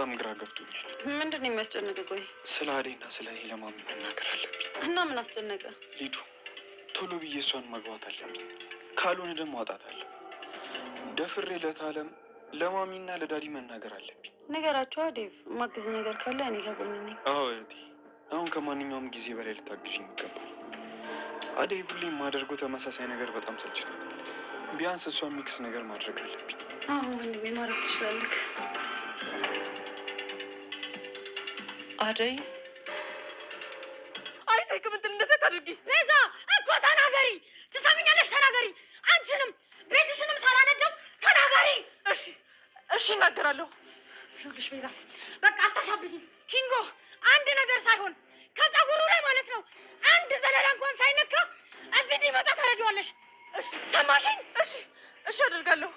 በጣም ግራ ገብቶኛል። ምንድን ነው የሚያስጨንቅ? ቆይ ስለ አዴና ስለ ኢለማ መናገር አለብኝ። እና ምን አስጨነቀ? ልጁ ቶሎ ብዬ እሷን መግባት አለብኝ፣ ካልሆነ ደግሞ አጣታለሁ። ደፍሬ ለታለም ለማሚና ለዳዲ መናገር አለብኝ። ነገራቸው አዴቭ፣ ማግዝ ነገር ካለ እኔ ከጎንኔ። አዎ እህቴ፣ አሁን ከማንኛውም ጊዜ በላይ ልታግዥ ይገባል። አዴ ሁሌ የማደርገው ተመሳሳይ ነገር በጣም ሰልችቷታል። ቢያንስ እሷ የሚክስ ነገር ማድረግ አለብኝ። አሁን ወንድሜ ማድረግ ትችላለህ። አደይ አይታይ ከምትል እንደዛ ታድርጊ። ቤዛ እኮ ተናገሪ፣ ትሰምኛለሽ? ተናገሪ። አንቺንም ቤትሽንም ሳላነደው ተናገሪ። እሺ፣ እሺ እናገራለሁ። ይኸውልሽ ቤዛ፣ በቃ አታሳብኝም። ኪንጎ አንድ ነገር ሳይሆን ከፀጉሩ ላይ ማለት ነው አንድ ዘለላ እንኳን ሳይነካ እዚህ እንዲመጣ ታደርጊዋለሽ። ሰማሽኝ? እሺ፣ እሺ አደርጋለሁ።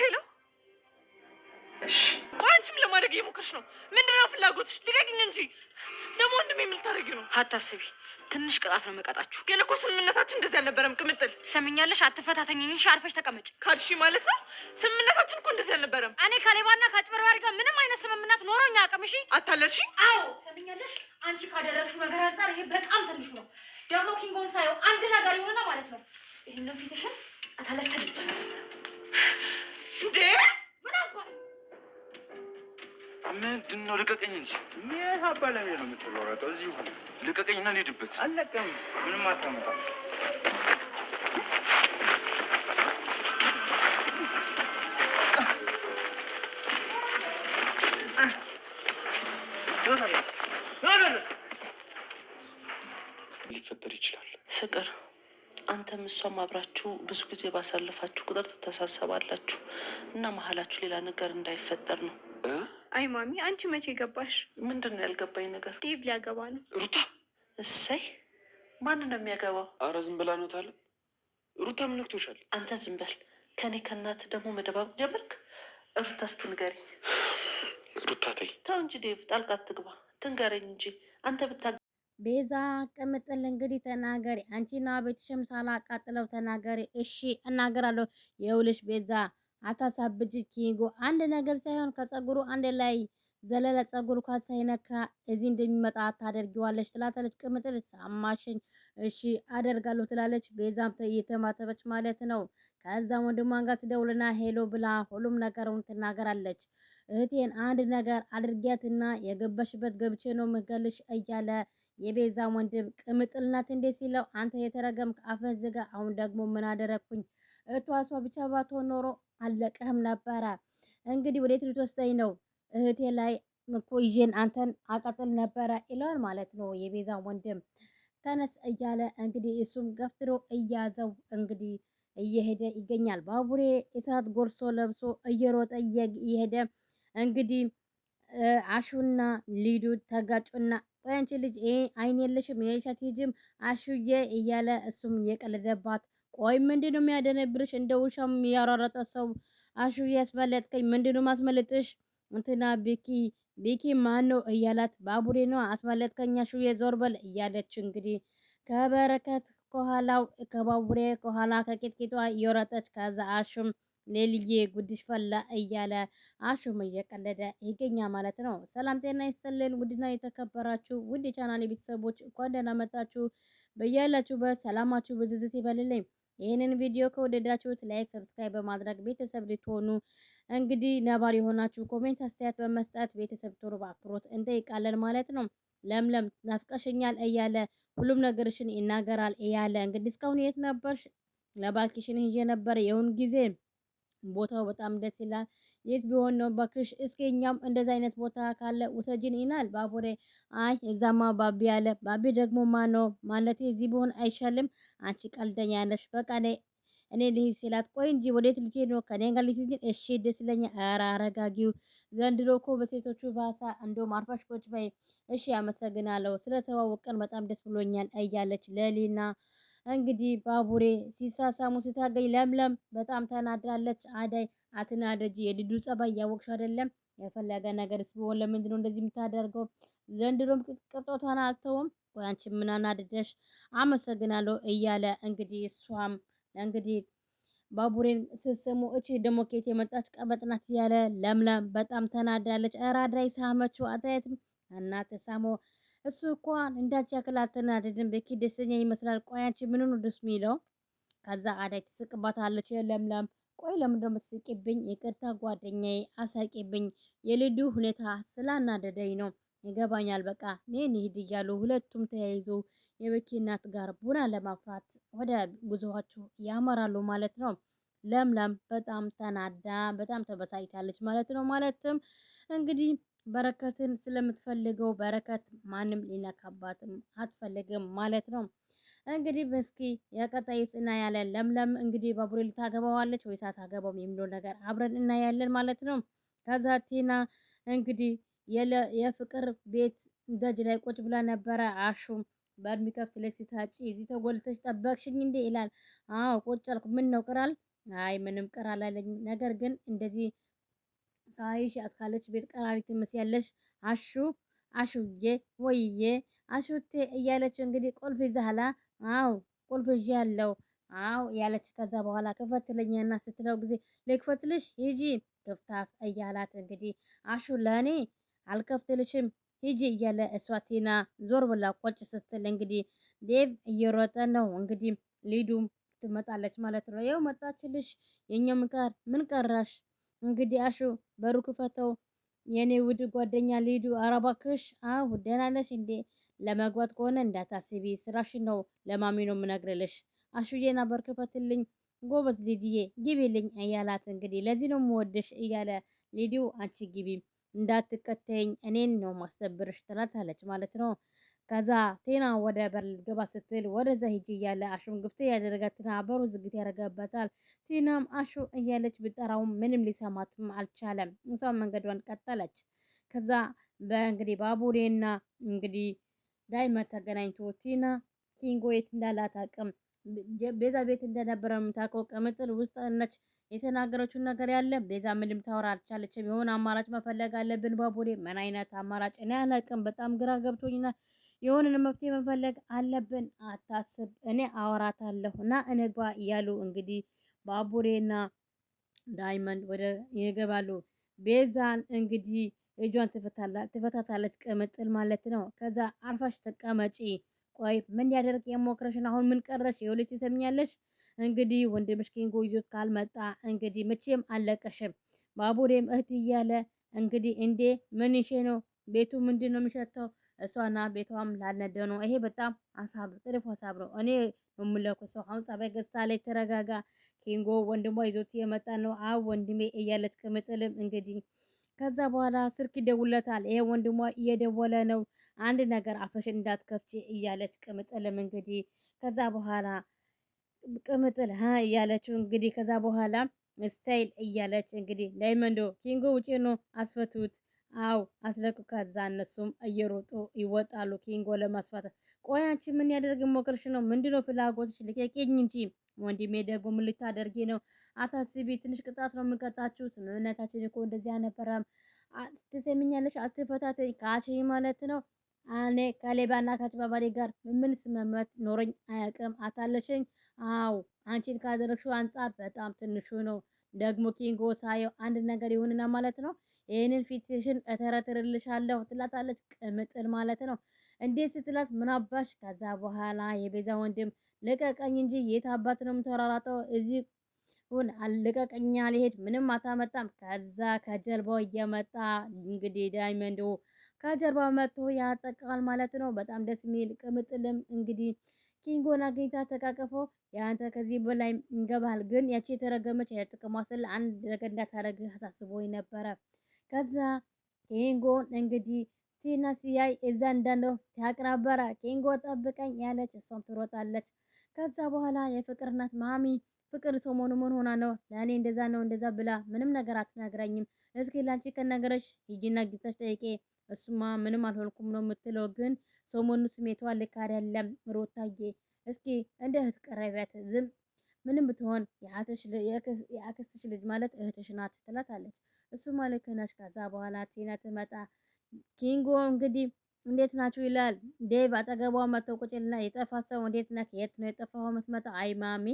ሄሎ እሺ ቆይ አንቺም ለማድረግ እየሞከርሽ ነው። ምንድነው ፍላጎትሽ? ልቀቂኝ እንጂ ደግሞ ወንድም የምል ልታደርጊው ነው? አታስቢ፣ ትንሽ ቅጣት ነው መቀጣችሁ። ግን እኮ ስምምነታችን እንደዚህ አልነበረም። ቅምጥል ትሰምኛለሽ? አትፈታተኝኝ እሺ። አርፈሽ ተቀመጭ ካልሽ ማለት ነው። ስምምነታችን እኮ እንደዚህ አልነበረም። እኔ ከሌባና ከአጭበርባሪ ጋር ምንም አይነት ስምምነት ኖሮኝ አያውቅም። እሺ አታለልሽ። አዎ ትሰሚኛለሽ? አንቺ ካደረግሽው ነገር አንጻር ይሄ በጣም ትንሽ ነው። ደግሞ ኪንጎን ሳየው አንድ ነገር ይሆንና ማለት ነው። ይህንን ፊትሽን አታለልተል እንዴ ምን አባል ምንድን ነው? ልቀቀኝ እንጂ ምን አባ ለእኔ ነው የምትሯሯጠው? እዚሁ ልቀቀኝና ልሂድበት። አልለቀም። ምንም አታመጣም። ሊፈጠር ይችላል። ፍቅር አንተም እሷም አብራችሁ ብዙ ጊዜ ባሳለፋችሁ ቁጥር ትተሳሰባላችሁ እና መሀላችሁ ሌላ ነገር እንዳይፈጠር ነው። አይ ማሚ፣ አንቺ መቼ ገባሽ? ምንድን ነው ያልገባኝ ነገር? ዴቭ ሊያገባ ነው። ሩታ፣ እሰይ፣ ማን ነው የሚያገባው? አረ ዝም ብላ ነው ታለ። ሩታ፣ ምን ነክቶሻል? አንተ ዝም በል። ከእኔ ከእናት ደግሞ መደባብ ጀመርክ። ሩታ፣ እስኪ ንገሪኝ። ሩታ፣ ተይ፣ ተው እንጂ ዴቭ፣ ጣልቃ ትግባ፣ ትንገረኝ እንጂ አንተ ብታ ቤዛ ቅምጥል እንግዲህ ተናገሪ አንቺና ቤትሽም ሳላቃጥለው ተናገሪ። እሺ እናገራለሁ። የውልሽ ቤዛ አታሳብጅኪ ጎ አንድ ነገር ሳይሆን ከፀጉሩ አንድ ላይ ዘለለ ፀጉር ኳ ሳይነካ እዚህ እንደሚመጣ ታደርጊዋለች ትላታለች። ቅምጥል ሳማሽኝ እሺ አደርጋለሁ ትላለች። ቤዛም እየተማተበች ማለት ነው። ከዛም ወንድሟን ጋር ትደውልና ሄሎ ብላ ሁሉም ነገሩን ትናገራለች። እህቴን አንድ ነገር አድርጊያትና የገባሽበት ገብቼ ነው ምገልሽ እያለ የቤዛ ወንድም ቅምጥል ናት እንዴ ሲለው አንተ የተረገም አፈዝጋ አሁን ደግሞ ምን አደረግኩኝ? እቷ እሷ ብቻ ባትሆን ኖሮ አለቀህም ነበረ። እንግዲህ ወዴት ልትወስደኝ ነው? እህቴ ላይ እኮ ይዤን አንተን አቀጥል ነበረ ይለዋል ማለት ነው የቤዛ ወንድም። ተነስ እያለ እንግዲህ እሱም ገፍትሮ እያዘው እንግዲህ እየሄደ ይገኛል። ባቡሬ እሳት ጎርሶ ለብሶ እየሮጠ እየሄደ እንግዲህ አሹና ሊዱ ተጋጩና ቆይ አንቺ ልጅ ይሄ አይን የለሽም የሻት ልጅም አሹዬ እያለ እሱም እየቀለደባት ቆይ ምንድን ነው የሚያደነብርሽ? እንደ ውሻም ያሯረጠ ሰው አሹ ያስመለጥከኝ ምንድን ነው ማስመለጥሽ? እንትና ቤኪ ቤኪ ማን ነው እያላት ባቡሬ ነው አስመለጥከኝ አሹ የዞር በል እያለች እንግዲህ ከበረከት ከኋላው ከባቡሬ ከኋላ ከቂጥቂጧ እየወረጠች ከዛ አሹም ሌልዬ ጉድሽ ፈላ እያለ አሹም እየቀለደ ይገኛ ማለት ነው። ሰላም ጤና ይስጥልን ውድና የተከበራችሁ ውድ የቻናል ቤተሰቦች እንኳን ደህና መጣችሁ። በያላችሁበት ሰላማችሁ ብዝዝት ይበልልኝ። ይህንን ቪዲዮ ከወደዳችሁት ላይክ፣ ሰብስክራይብ በማድረግ ቤተሰብ ልትሆኑ እንግዲህ ነባር የሆናችሁ ኮሜንት፣ አስተያየት በመስጠት ቤተሰብ ትሆኑ በአክብሮት እንጠይቃለን ማለት ነው። ለምለም ናፍቀሽኛል እያለ ሁሉም ነገርሽን ይናገራል እያለ እንግዲህ እስካሁን የት ነበርሽ? ለባኪሽን ይዤ ነበር የሁን ጊዜ ቦታው በጣም ደስ ይላል። የት ቢሆን ነው ባክሽ? እስኪ እኛም እንደዛ አይነት ቦታ ካለ ውሰጅን ይናል ባቡሬ። አይ እዛማ ባቢ አለ። ባቢ ደግሞ ማነው ማለት ማለቴ እዚህ ቢሆን አይሻልም? አንቺ ቀልደኛ ነሽ። በቃ እኔ ልሂድ ሲላት፣ ቆይ እንጂ ወዴት ልትሄድ ነው? ከኔ ጋር ልትሄድ? እሺ ደስ ይለኛል። ኧረ አረጋጊው ዘንድሮ እኮ በሴቶቹ ባሳ። እንደውም አርፋሽ ቁጭ በይ። እሺ አመሰግናለሁ፣ ስለተዋወቀን በጣም ደስ ብሎኛል እያለች ለሊና እንግዲህ ባቡሬ ሲሳሳሙ ስታገኝ ለምለም በጣም ተናዳለች። አዳይ አትናደጂ። የልጁ ጸባይ እያወቅሽ አይደለም? የፈለገ ነገር ስቢሆን ለምንድን ነው እንደዚህ የምታደርገው? ዘንድሮም ቅርጦቷን አልተውም። ቆይ አንቺ ምን አናደደሽ? አመሰግናለሁ እያለ እንግዲህ እሷም እንግዲህ ባቡሬን ስስሙ እቺ ደግሞ ኬት የመጣች ቀበጥናት እያለ ለምለም በጣም ተናዳለች። ራዳይ ሳመችው አታየትም እናት ሳሞ እሱ እንኳን እንዳንቺ ያክል አልተናደድም። ቤኪ ደስተኛ ይመስላል። ቆይ አንቺ ምን ነው ደስ የሚለው? ከዛ አዳይ ትስቅባታለች ለምለም ቆይ ለምንድነው የምትስቂብኝ? ይቅርታ ጓደኛዬ አሳቂብኝ። የልዱ ሁኔታ ስላናደደኝ ነው። ይገባኛል። በቃ እኔ እንሂድ እያሉ ሁለቱም ተያይዞ የቤኪ እናት ጋር ቡና ለማፍራት ወደ ጉዞዋቸው ያመራሉ ማለት ነው። ለምለም በጣም ተናዳ በጣም ተበሳጭታለች ማለት ነው። ማለትም እንግዲህ በረከትን ስለምትፈልገው በረከት ማንም ሊነካባትም አትፈልግም ማለት ነው። እንግዲህ እስኪ የቀጣይ ያለ ለምለም እንግዲህ ባቡሬ ልታገባዋለች ወይ አታገባውም የሚለው ነገር አብረን እናያለን ማለት ነው። ከዛ ቲና እንግዲህ የፍቅር ቤት ደጅ ላይ ቁጭ ብላ ነበረ። አሹም በር የሚከፍት ላይ ሲታጭ እዚህ ተጎልተሽ ጠበቅሽኝ እንዴ ይላል። አዎ ቁጭ አልኩ። ምን ነው ቅራል? አይ ምንም ቅራል አለኝ። ነገር ግን እንደዚህ ሳይሽ አስካለች ቤት ቀራሪ ትመስያለሽ። አሹ አሹዬ፣ ወይዬ፣ አሹቴ እያለች እንግዲህ ቁልፍ ይዛላ አው ቁልፍ ይዤ ያለው አው ያለች። ከዛ በኋላ ክፈትልኝና ስትለው ጊዜ ልክፈትልሽ ሂጂ ክፍታፍ እያላት እንግዲህ አሹ ለእኔ አልከፍትልሽም ሂጂ እያለ እስዋቲና ዞር ብላ ቆጭ ስትል እንግዲህ ዴቭ እየሮጠ ነው እንግዲህ ሊዱም ትመጣለች ማለት ነው። ያው መጣችልሽ የኛም ጋር ምን ቀራሽ እንግዲህ አሹ በሩ ክፈተው የኔ ውድ ጓደኛ ሊዱ አረባክሽ አሁ ደህና ነሽ እንዴ? ለመግባት ከሆነ እንዳታስቢ ስራሽን ነው ለማሚ ነው የምነግርልሽ። አሹዬን አበርክፈትልኝ ጎበዝ ሊዲዬ ግቢልኝ እያላት እንግዲህ ለዚህ ነው የምወድሽ እያለ ሊዲው አንቺ ግቢ እንዳትከተኝ እኔን ነው ማስተብርሽ ትላታለች ማለት ነው። ከዛ ቴና ወደ በር ልትገባ ስትል ወደዛ ሂጂ እያለ አሹም ግፍት ያደረጋት ቴና በሩ ዝግት ያደረገበታል። ቴናም አሹ እያለች ብጠራውም ምንም ሊሰማትም አልቻለም። እሷ መንገዷን ቀጠለች። ከዛ በእንግዲህ ባቡሬና እንግዲህ ዳይማ ተገናኝቶ ቲና ኪንጎ የት እንዳላት አቅም ቤዛ ቤት እንደነበረ የምታውቀው ቅምጥል ውስጥ ነች። የተናገረችውን ነገር ያለ ቤዛ ምንም ታወራ አልቻለችም። የሆነ አማራጭ መፈለግ አለብን። ባቡሬ ምን አይነት አማራጭ እኔ አላቅም። በጣም ግራ ገብቶኝና የሆነን መፍትሄ መፈለግ አለብን። አታስብ፣ እኔ አወራታለሁ እና እንግባ እያሉ እንግዲህ ባቡሬና ዳይመንድ ወደ ይገባሉ። ቤዛን እንግዲህ እጇን ትፈታታለች። ቅምጥል ማለት ነው። ከዛ አርፋሽ ተቀመጪ። ቆይ ምን ያደርግ የሞክረሽን አሁን ምን ቀረሽ? የውልጭ ሰምኛለሽ። እንግዲህ ወንድምሽ ኪንጎ ይዞት ካልመጣ እንግዲህ መቼም አለቀሽም። ባቡሬም እህት እያለ እንግዲህ እንዴ ምን ይሼ ነው ቤቱ ምንድን ነው የሚሸተው? እሷና ቤቷም ላልነደ ነው። ይሄ በጣም አሳብ ጥልፍ ሀሳብ ነው። እኔ የምለኩ ሰው አሁን ጸባይ ገዝታ ላይ ተረጋጋ። ኪንጎ ወንድሟ ይዞት የመጣ ነው። አብ ወንድሜ እያለች ቅምጥልም እንግዲህ ከዛ በኋላ ስልክ ይደውለታል። ይሄ ወንድሟ እየደወለ ነው፣ አንድ ነገር አፈሽን እንዳትከፍቺ እያለች ቅምጥልም እንግዲህ ከዛ በኋላ ቅምጥል ሀ እያለችው እንግዲህ ከዛ በኋላ ስታይል እያለች እንግዲህ ዳይመንዶ ኪንጎ ውጪ ነው አስፈቱት፣ አው አስለቁ። ከዛ እነሱም እየሮጡ ይወጣሉ ኪንጎ ለማስፋት። ቆይ አንቺ ምን ያደርግ ሞክርሽ ነው? ምንድነው ፍላጎትሽ? ልቀቂኝ እንጂ ወንድሜ ደግሞ ምን ልታደርጊ ነው? አታስቢ፣ ትንሽ ቅጣት ነው የምቀጣችሁ። ስምምነታችን እኮ እንደዚህ አልነበረም። ትሰሚኛለሽ? አትፈታት ካች ማለት ነው። እኔ ከሌባና ከአጭበርባሪ ጋር ምን ስምምነት ኖረኝ አያውቅም። አታለሽኝ። አዎ አንቺን ካደረግሽው አንጻር በጣም ትንሹ ነው። ደግሞ ኪንጎ ሳየው አንድ ነገር ይሁንና ማለት ነው ይህንን ፊትሽን እተረትርልሻለሁ ትላታለች። ቅምጥል ማለት ነው እንዴት ስትላት ምናባሽ። ከዛ በኋላ የቤዛ ወንድም ልቀቀኝ እንጂ የት አባት ነው የምተራራጠው እዚህ እባክሁን አለቀቀኛ ልሄድ ምንም አታመጣም። ከዛ ከጀርባው እየመጣ እንግዲህ ዳይመንዶ ከጀርባው መጥቶ ያጠቃል ማለት ነው። በጣም ደስ የሚል ቅምጥልም እንግዲህ ኪንጎን አግኝታ ተቃቀፎ የአንተ ከዚህ በላይ እንገባል፣ ግን ያቺ የተረገመች ያጥቅሟ ስለ አንድ ነገር እንዳታረግ አሳስቦ ነበረ። ከዛ ኪንጎን እንግዲህ ሲና ሲያይ እዛ እንዳለው ታቅራበረ ኪንጎ ጠብቀኝ ያለች እሷም ትሮጣለች። ከዛ በኋላ የፍቅር እናት ማሚ ፍቅር ሰው መሆኑ ምን ሆና ነው ለእኔ እንደዛ ነው እንደዛ ብላ ምንም ነገር አትናግረኝም። እስኪ ላንቺ ከነገረሽ ሂጂና ግብተሽ ጠይቄ። እሱማ ምንም አልሆንኩም ነው የምትለው፣ ግን ሰሞኑ ስሜቷ ልክ አይደለም ሮታዬ። እስኪ እንደ እህት ቀረቢያት። ዝም ምንም ብትሆን የአክስትሽ ልጅ ማለት እህትሽ ናት ትላታለች። እሱማ ልክ ነሽ። ከዛ በኋላ ቲና ትመጣ ኪንጎ እንግዲህ እንዴት ናችሁ ይላል ዴቭ። አጠገቧ መጥቶ ቁጭልና የጠፋ ሰው እንዴት ነክ የት ነው የጠፋው የምትመጣ? አይ ማሚ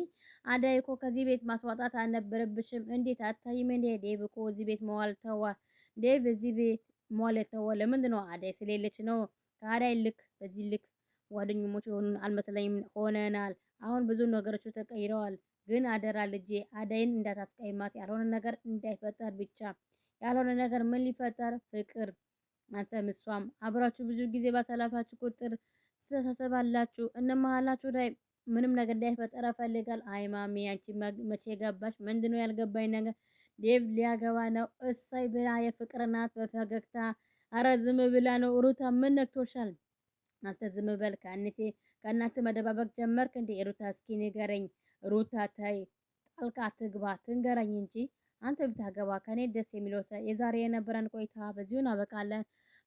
አዳይ እኮ ከዚህ ቤት ማስዋጣት አልነበረብሽም። እንዴት አታይም እንዴ? ዴቭ እኮ እዚህ ቤት መዋል ተዋ። ዴቭ እዚህ ቤት መዋል ተዋ። ለምንድን ነው? አዳይ ስለሌለች ነው። ከአዳይ ልክ በዚህ ልክ ጓደኞች ሆኑ አልመሰለኝም። ሆነናል። አሁን ብዙ ነገሮች ተቀይረዋል። ግን አደራ ልጄ አዳይን እንዳታስቀይማት። ያልሆነ ነገር እንዳይፈጠር ብቻ። ያልሆነ ነገር ምን ሊፈጠር ፍቅር አንተም እሷም አብራችሁ ብዙ ጊዜ ባሳለፋችሁ ቁጥር ስለተሰባላችሁ እነ መሀላችሁ ላይ ምንም ነገር እንዳይፈጠር ፈልጋል። አይ ማሚ አንቺ መቼ ገባሽ? ምንድነው ያልገባኝ ነገር? ዴቭ ሊያገባ ነው። እሳይ ብላ የፍቅር እናት በፈገግታ አረ ዝም ብላ ነው። ሩታ ምን ነክቶሻል? አንተ ዝም በል ከእናቴ ከእናት መደባበቅ ጀመርክ እንዴ? ሩታ እስኪ ንገረኝ። ሩታ ተይ ጣልቃ ትግባ ትንገረኝ እንጂ አንተ ብታገባ ከኔ ደስ የሚለው የዛሬ የነበረን ቆይታ በዚሁ እናበቃለን።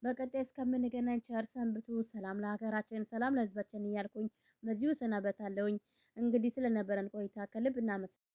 በቀጣይ እስከምንገናኝ ቸር ሰንብቱ። ሰላም ለሀገራችን፣ ሰላም ለህዝባችን እያልኩኝ በዚሁ ሰናበታለሁኝ። እንግዲህ ስለነበረን ቆይታ ከልብ እናመሰግናለን።